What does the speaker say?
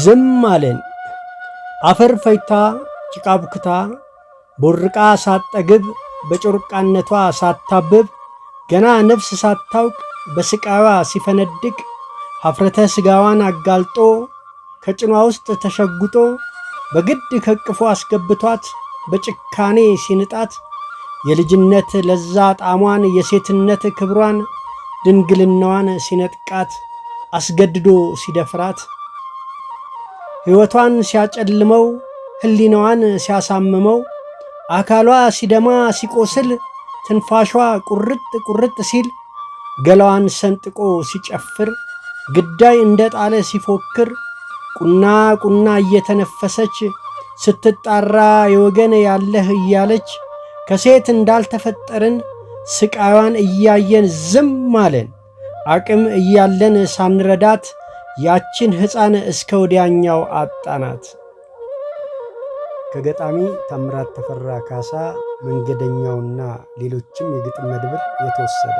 ዝም አለን። አፈር ፈይታ ጭቃ ቡክታ ቦርቃ ሳጠግብ በጮርቃነቷ ሳታብብ ገና ነፍስ ሳታውቅ በስቃዋ ሲፈነድቅ ሀፍረተ ሥጋዋን አጋልጦ ከጭኗ ውስጥ ተሸጉጦ በግድ ከቅፎ አስገብቷት በጭካኔ ሲንጣት የልጅነት ለዛ ጣዕሟን የሴትነት ክብሯን ድንግልናዋን ሲነጥቃት አስገድዶ ሲደፍራት ሕይወቷን ሲያጨልመው፣ ሕሊናዋን ሲያሳምመው፣ አካሏ ሲደማ ሲቆስል፣ ትንፋሿ ቁርጥ ቁርጥ ሲል፣ ገላዋን ሰንጥቆ ሲጨፍር፣ ግዳይ እንደ ጣለ ሲፎክር፣ ቁና ቁና እየተነፈሰች ስትጣራ የወገን ያለህ እያለች ከሴት እንዳልተፈጠርን ስቃዋን እያየን ዝም አለን። አቅም እያለን ሳንረዳት ያችን ሕፃን እስከ ወዲያኛው አጣናት። ከገጣሚ ታምራት ተፈራ ካሳ መንገደኛውና ሌሎችም የግጥም መድብር የተወሰደ